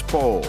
Spor.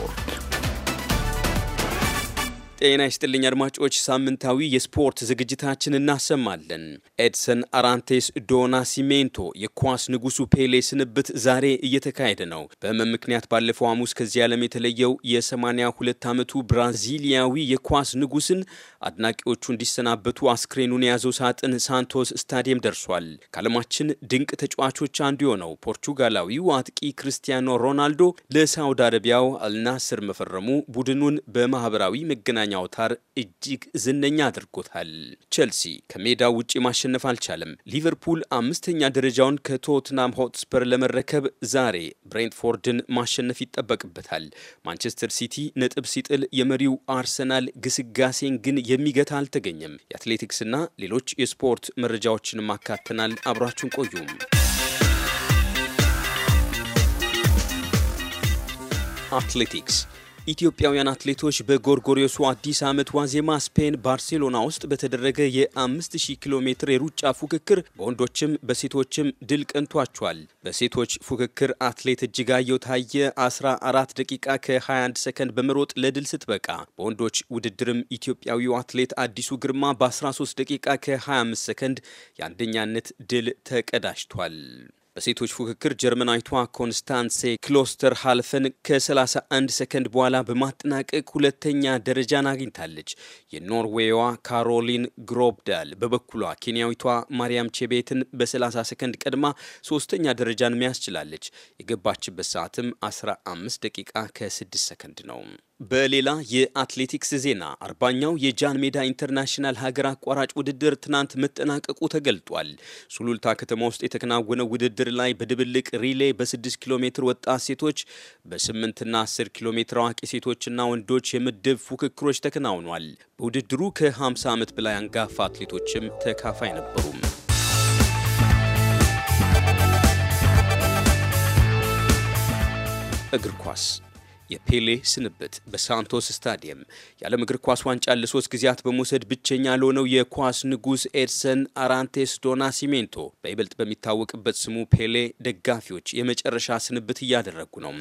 ጤና ይስጥልኝ አድማጮች፣ ሳምንታዊ የስፖርት ዝግጅታችን እናሰማለን። ኤድሰን አራንቴስ ዶና ሲሜንቶ የኳስ ንጉሱ ፔሌ ስንብት ዛሬ እየተካሄደ ነው። በህመም ምክንያት ባለፈው ሐሙስ ከዚህ ዓለም የተለየው የ82 ዓመቱ ብራዚሊያዊ የኳስ ንጉስን አድናቂዎቹ እንዲሰናበቱ አስክሬኑን የያዘው ሳጥን ሳንቶስ ስታዲየም ደርሷል። ከዓለማችን ድንቅ ተጫዋቾች አንዱ የሆነው ፖርቹጋላዊው አጥቂ ክርስቲያኖ ሮናልዶ ለሳውዲ አረቢያው አልናስር መፈረሙ ቡድኑን በማህበራዊ መገናኛ የመገናኛ አውታር እጅግ ዝነኛ አድርጎታል። ቼልሲ ከሜዳ ውጪ ማሸነፍ አልቻለም። ሊቨርፑል አምስተኛ ደረጃውን ከቶትናም ሆትስፐር ለመረከብ ዛሬ ብሬንትፎርድን ማሸነፍ ይጠበቅበታል። ማንቸስተር ሲቲ ነጥብ ሲጥል የመሪው አርሰናል ግስጋሴን ግን የሚገታ አልተገኘም። የአትሌቲክስና ሌሎች የስፖርት መረጃዎችን ማካተናል። አብራችሁን ቆዩም። አትሌቲክስ ኢትዮጵያውያን አትሌቶች በጎርጎሪዮሱ አዲስ ዓመት ዋዜማ ስፔን ባርሴሎና ውስጥ በተደረገ የ5000 ኪሎ ሜትር የሩጫ ፉክክር በወንዶችም በሴቶችም ድል ቀንቷቸዋል። በሴቶች ፉክክር አትሌት እጅጋየው ታየ 14 ደቂቃ ከ21 ሰከንድ በመሮጥ ለድል ስትበቃ፣ በወንዶች ውድድርም ኢትዮጵያዊው አትሌት አዲሱ ግርማ በ13 ደቂቃ ከ25 ሰከንድ የአንደኛነት ድል ተቀዳጅቷል። በሴቶች ፉክክር ጀርመናዊቷ ኮንስታንሴ ክሎስተር ሃልፈን ከ31 ሰከንድ በኋላ በማጠናቀቅ ሁለተኛ ደረጃን አግኝታለች። የኖርዌይዋ ካሮሊን ግሮብዳል በበኩሏ ኬንያዊቷ ማርያም ቼቤትን በ30 ሰከንድ ቀድማ ሶስተኛ ደረጃን መያዝ ችላለች። የገባችበት ሰዓትም 15 ደቂቃ ከ6 ሰከንድ ነው። በሌላ የአትሌቲክስ ዜና አርባኛው የጃን ሜዳ ኢንተርናሽናል ሀገር አቋራጭ ውድድር ትናንት መጠናቀቁ ተገልጧል። ሱሉልታ ከተማ ውስጥ የተከናወነው ውድድር ላይ በድብልቅ ሪሌ በ6 ኪሎ ሜትር ወጣት ሴቶች፣ በ8ና 10 ኪሎ ሜትር አዋቂ ሴቶችና ወንዶች የምድብ ፉክክሮች ተከናውኗል። በውድድሩ ከ50 ዓመት በላይ አንጋፋ አትሌቶችም ተካፋይ ነበሩም። እግር ኳስ የፔሌ ስንብት በሳንቶስ ስታዲየም የዓለም እግር ኳስ ዋንጫ ለሶስት ጊዜያት በመውሰድ ብቸኛ ለሆነው የኳስ ንጉሥ ኤድሰን አራንቴስ ዶና ሲሜንቶ በይበልጥ በሚታወቅበት ስሙ ፔሌ ደጋፊዎች የመጨረሻ ስንብት እያደረጉ ነው።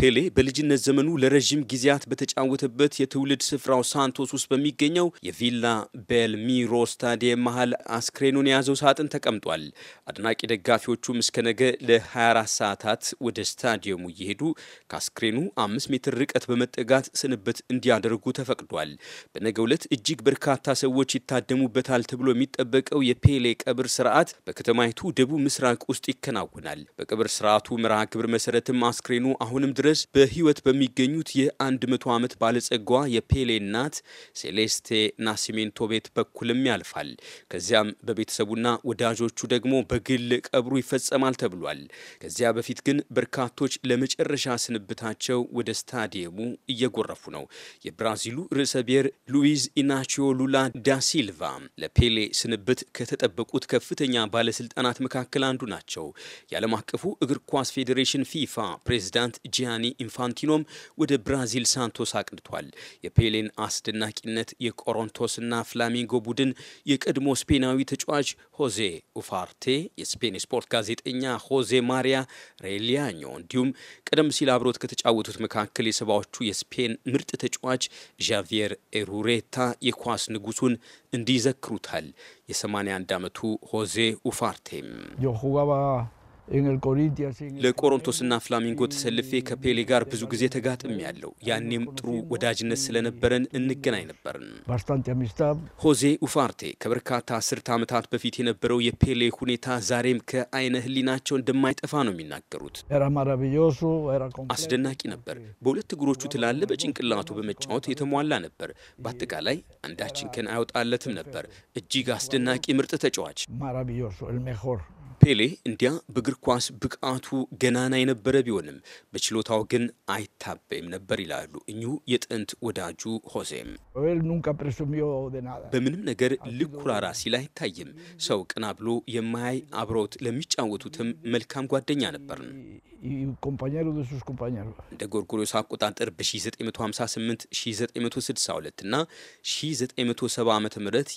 ፔሌ በልጅነት ዘመኑ ለረዥም ጊዜያት በተጫወተበት የትውልድ ስፍራው ሳንቶስ ውስጥ በሚገኘው የቪላ ቤልሚሮ ስታዲየም መሀል አስክሬኑን የያዘው ሳጥን ተቀምጧል። አድናቂ ደጋፊዎቹም እስከ ነገ ለ24 ሰዓታት ወደ ስታዲየሙ እየሄዱ ከአስክሬኑ አምስት አምስት ሜትር ርቀት በመጠጋት ስንብት እንዲያደርጉ ተፈቅዷል። በነገው ዕለት እጅግ በርካታ ሰዎች ይታደሙበታል ተብሎ የሚጠበቀው የፔሌ ቀብር ስርዓት በከተማይቱ ደቡብ ምስራቅ ውስጥ ይከናወናል። በቀብር ስርዓቱ መርሃ ግብር መሰረትም አስክሬኑ አሁንም ድረስ በህይወት በሚገኙት የ መቶ ዓመት ባለጸጓ የፔሌ እናት ሴሌስቴ ናሲሜንቶ ቤት በኩልም ያልፋል። ከዚያም በቤተሰቡና ወዳጆቹ ደግሞ በግል ቀብሩ ይፈጸማል ተብሏል። ከዚያ በፊት ግን በርካቶች ለመጨረሻ ስንብታቸው ወደ ወደ ስታዲየሙ እየጎረፉ ነው። የብራዚሉ ርዕሰ ብሔር ሉዊዝ ኢናቺዮ ሉላ ዳሲልቫ ለፔሌ ስንብት ከተጠበቁት ከፍተኛ ባለስልጣናት መካከል አንዱ ናቸው። የዓለም አቀፉ እግር ኳስ ፌዴሬሽን ፊፋ ፕሬዚዳንት ጂያኒ ኢንፋንቲኖም ወደ ብራዚል ሳንቶስ አቅንቷል። የፔሌን አስደናቂነት የቆሮንቶስና ፍላሚንጎ ቡድን የቀድሞ ስፔናዊ ተጫዋች ሆዜ ኡፋርቴ፣ የስፔን ስፖርት ጋዜጠኛ ሆዜ ማሪያ ሬሊያኞ እንዲሁም ቀደም ሲል አብሮት ከተጫወቱት መካከል የሰባዎቹ የስፔን ምርጥ ተጫዋች ዣቪየር ኤሩሬታ የኳስ ንጉሱን እንዲዘክሩታል የ የ81 ዓመቱ ሆዜ ኡፋርቴም ለቆሮንቶስና ፍላሚንጎ ተሰልፌ ከፔሌ ጋር ብዙ ጊዜ ተጋጥም ያለው ያኔም ጥሩ ወዳጅነት ስለነበረን እንገናኝ ነበርን። ሆዜ ኡፋርቴ ከበርካታ አስርተ ዓመታት በፊት የነበረው የፔሌ ሁኔታ ዛሬም ከአይነ ህሊናቸው እንደማይጠፋ ነው የሚናገሩት። አስደናቂ ነበር። በሁለት እግሮቹ ትላለ፣ በጭንቅላቱ በመጫወት የተሟላ ነበር። በአጠቃላይ አንዳችን ከን አይወጣለትም ነበር። እጅግ አስደናቂ ምርጥ ተጫዋች ፔሌ እንዲያ በእግር ኳስ ብቃቱ ገናና የነበረ ቢሆንም በችሎታው ግን አይታበይም ነበር ይላሉ እኚሁ የጥንት ወዳጁ ሆሴም። በምንም ነገር ልኩራራ ሲል አይታይም። ሰው ቅና ብሎ የማያይ አብረውት ለሚጫወቱትም መልካም ጓደኛ ነበር። እንደ ጎርጎሮስ አቆጣጠር በ1958፣ 1962 እና 1970 ዓ ም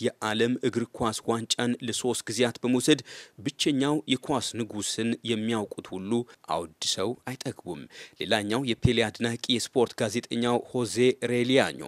የዓለም እግር ኳስ ዋንጫን ለሶስት ጊዜያት በመውሰድ ብቸኛው ሌላኛው የኳስ ንጉስን የሚያውቁት ሁሉ አወድሰው አይጠግቡም። ሌላኛው የፔሌ አድናቂ የስፖርት ጋዜጠኛው ሆዜ ሬሊያኞ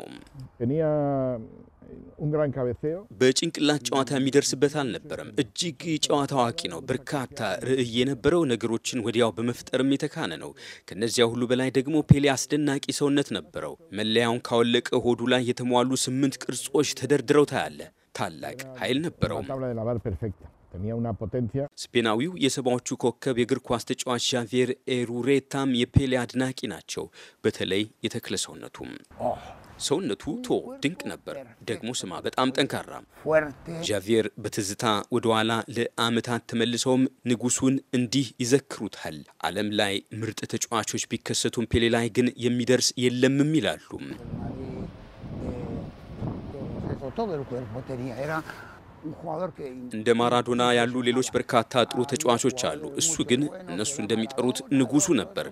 በጭንቅላት ጨዋታ የሚደርስበት አልነበረም። እጅግ ጨዋታ አዋቂ ነው። በርካታ ርዕይ የነበረው ነገሮችን ወዲያው በመፍጠርም የተካነ ነው። ከነዚያ ሁሉ በላይ ደግሞ ፔሌ አስደናቂ ሰውነት ነበረው። መለያውን ካወለቀ ሆዱ ላይ የተሟሉ ስምንት ቅርጾች ተደርድረው ታያለ። ታላቅ ኃይል ነበረውም። ስፔናዊው የሰባዎቹ ኮከብ የእግር ኳስ ተጫዋች ዣቪየር ኤሩሬታም የፔሌ አድናቂ ናቸው። በተለይ የተክለ ሰውነቱም ሰውነቱ ቶ ድንቅ ነበር። ደግሞ ስማ በጣም ጠንካራ ዣቪየር በትዝታ ወደ ኋላ ለዓመታት ተመልሰውም ንጉሱን እንዲህ ይዘክሩታል። ዓለም ላይ ምርጥ ተጫዋቾች ቢከሰቱም ፔሌ ላይ ግን የሚደርስ የለምም ይላሉ። eh, eh, እንደ ማራዶና ያሉ ሌሎች በርካታ ጥሩ ተጫዋቾች አሉ። እሱ ግን እነሱ እንደሚጠሩት ንጉሱ ነበር።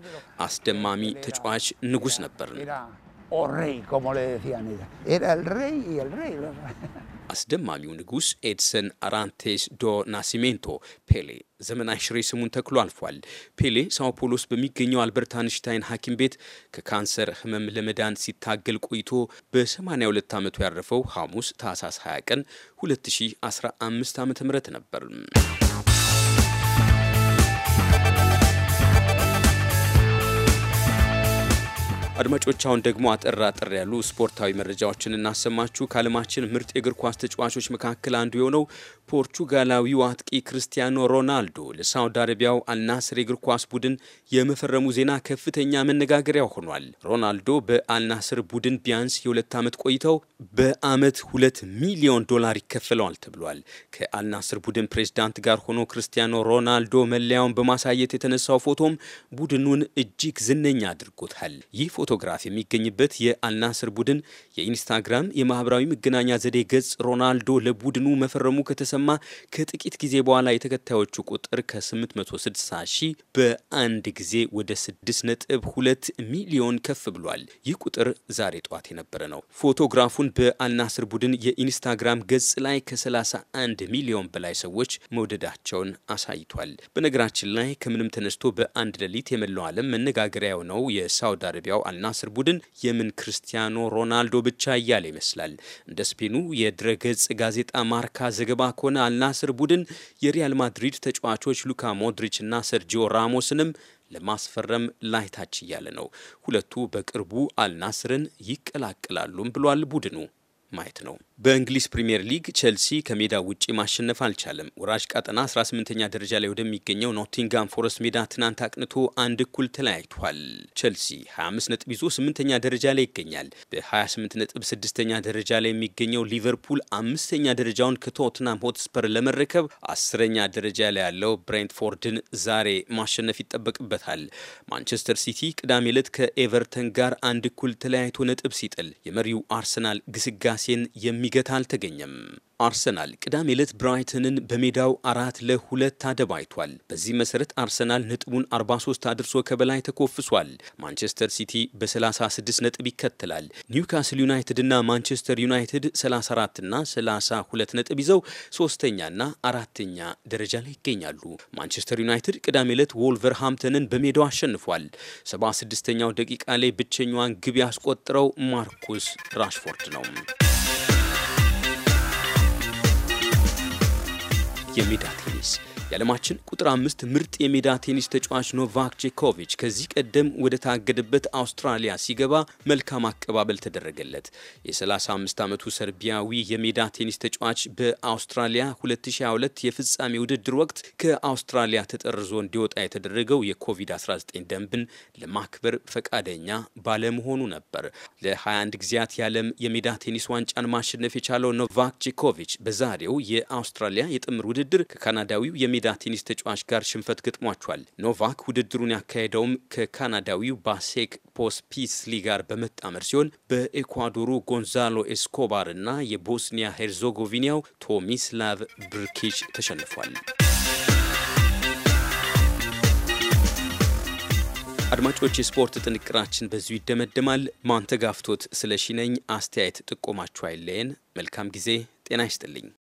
አስደማሚ ተጫዋች ንጉስ ነበር። አስደማሚው ንጉሥ ኤድሰን አራንቴስ ዶ ናሲሜንቶ ፔሌ ዘመን አሽሬ ስሙን ተክሎ አልፏል። ፔሌ ሳውፖሎስ በሚገኘው አልበርት አንሽታይን ሐኪም ቤት ከካንሰር ህመም ለመዳን ሲታገል ቆይቶ በ82 ዓመቱ ያረፈው ሐሙስ ታህሳስ 20 ቀን 2015 ም ነበር። አድማጮች አሁን ደግሞ አጠር አጠር ያሉ ስፖርታዊ መረጃዎችን እናሰማችሁ። ከዓለማችን ምርጥ የእግር ኳስ ተጫዋቾች መካከል አንዱ የሆነው ፖርቹጋላዊው አጥቂ ክርስቲያኖ ሮናልዶ ለሳውዲ አረቢያው አልናስር የእግር ኳስ ቡድን የመፈረሙ ዜና ከፍተኛ መነጋገሪያ ሆኗል። ሮናልዶ በአልናስር ቡድን ቢያንስ የሁለት ዓመት ቆይተው በአመት ሁለት ሚሊዮን ዶላር ይከፈለዋል ተብሏል። ከአልናስር ቡድን ፕሬዝዳንት ጋር ሆኖ ክርስቲያኖ ሮናልዶ መለያውን በማሳየት የተነሳው ፎቶም ቡድኑን እጅግ ዝነኛ አድርጎታል። ይህ ፎቶግራፍ የሚገኝበት የአልናስር ቡድን የኢንስታግራም የማህበራዊ መገናኛ ዘዴ ገጽ ሮናልዶ ለቡድኑ መፈረሙ ከተሰ ሲሰማ ከጥቂት ጊዜ በኋላ የተከታዮቹ ቁጥር ከ860 ሺህ በአንድ ጊዜ ወደ 6.2 ሚሊዮን ከፍ ብሏል። ይህ ቁጥር ዛሬ ጠዋት የነበረ ነው። ፎቶግራፉን በአልናስር ቡድን የኢንስታግራም ገጽ ላይ ከ31 ሚሊዮን በላይ ሰዎች መውደዳቸውን አሳይቷል። በነገራችን ላይ ከምንም ተነስቶ በአንድ ሌሊት የመላው ዓለም መነጋገሪያው ነው የሳውዲ አረቢያው አልናስር ቡድን የምን ክርስቲያኖ ሮናልዶ ብቻ እያለ ይመስላል። እንደ ስፔኑ የድረገጽ ጋዜጣ ማርካ ዘገባ ከሆነ አልናስር ቡድን የሪያል ማድሪድ ተጫዋቾች ሉካ ሞድሪች እና ሰርጂዮ ራሞስንም ለማስፈረም ላይታች እያለ ነው። ሁለቱ በቅርቡ አልናስርን ይቀላቅላሉም ብሏል ቡድኑ። ማየት ነው። በእንግሊዝ ፕሪምየር ሊግ ቼልሲ ከሜዳ ውጪ ማሸነፍ አልቻለም። ወራጅ ቀጠና 18ኛ ደረጃ ላይ ወደሚገኘው ኖቲንጋም ፎረስት ሜዳ ትናንት አቅንቶ አንድ እኩል ተለያይቷል። ቼልሲ 25 ነጥብ ይዞ 8ኛ ደረጃ ላይ ይገኛል። በ28 ነጥብ 6ኛ ደረጃ ላይ የሚገኘው ሊቨርፑል አምስተኛ ደረጃውን ከቶትናም ሆትስፐር ለመረከብ አስረኛ ደረጃ ላይ ያለው ብሬንትፎርድን ዛሬ ማሸነፍ ይጠበቅበታል። ማንቸስተር ሲቲ ቅዳሜ ዕለት ከኤቨርተን ጋር አንድ እኩል ተለያይቶ ነጥብ ሲጥል የመሪው አርሰናል ግስጋ ውዳሴን የሚገታ አልተገኘም። አርሰናል ቅዳሜ ዕለት ብራይተንን በሜዳው አራት ለሁለት አደባይቷል። በዚህ መሰረት አርሰናል ነጥቡን 43 አድርሶ ከበላይ ተኮፍሷል። ማንቸስተር ሲቲ በ36 ነጥብ ይከተላል። ኒውካስል ዩናይትድ እና ማንቸስተር ዩናይትድ 34 እና 32 ነጥብ ይዘው ሶስተኛና አራተኛ ደረጃ ላይ ይገኛሉ። ማንቸስተር ዩናይትድ ቅዳሜ ዕለት ወልቨርሃምተንን በሜዳው አሸንፏል። 76ኛው ደቂቃ ላይ ብቸኛዋን ግብ ያስቆጥረው ማርኩስ ራሽፎርድ ነው። የሜዳ ቴኒስ የዓለማችን ቁጥር አምስት ምርጥ የሜዳ ቴኒስ ተጫዋች ኖቫክ ጄኮቪች ከዚህ ቀደም ወደ ታገደበት አውስትራሊያ ሲገባ መልካም አቀባበል ተደረገለት። የ35 ዓመቱ ሰርቢያዊ የሜዳ ቴኒስ ተጫዋች በአውስትራሊያ 2022 የፍጻሜ ውድድር ወቅት ከአውስትራሊያ ተጠርዞ እንዲወጣ የተደረገው የኮቪድ-19 ደንብን ለማክበር ፈቃደኛ ባለመሆኑ ነበር። ለ21 ጊዜያት የዓለም የሜዳ ቴኒስ ዋንጫን ማሸነፍ የቻለው ኖቫክ ጄኮቪች በዛሬው የአውስትራሊያ የጥምር ውድድር ከካናዳዊው ከሜዳ ቴኒስ ተጫዋች ጋር ሽንፈት ገጥሟቸዋል። ኖቫክ ውድድሩን ያካሄደውም ከካናዳዊው ባሴክ ፖስፒስሊ ጋር በመጣመር ሲሆን በኤኳዶሩ ጎንዛሎ ኤስኮባር እና የቦስኒያ ሄርዞጎቪኒያው ቶሚስላቭ ብርኪች ተሸንፏል። አድማጮች፣ የስፖርት ጥንቅራችን በዚሁ ይደመደማል። ማንተጋፍቶት ስለሺ ነኝ። አስተያየት ጥቆማችሁ አይለየን። መልካም ጊዜ። ጤና ይስጥልኝ።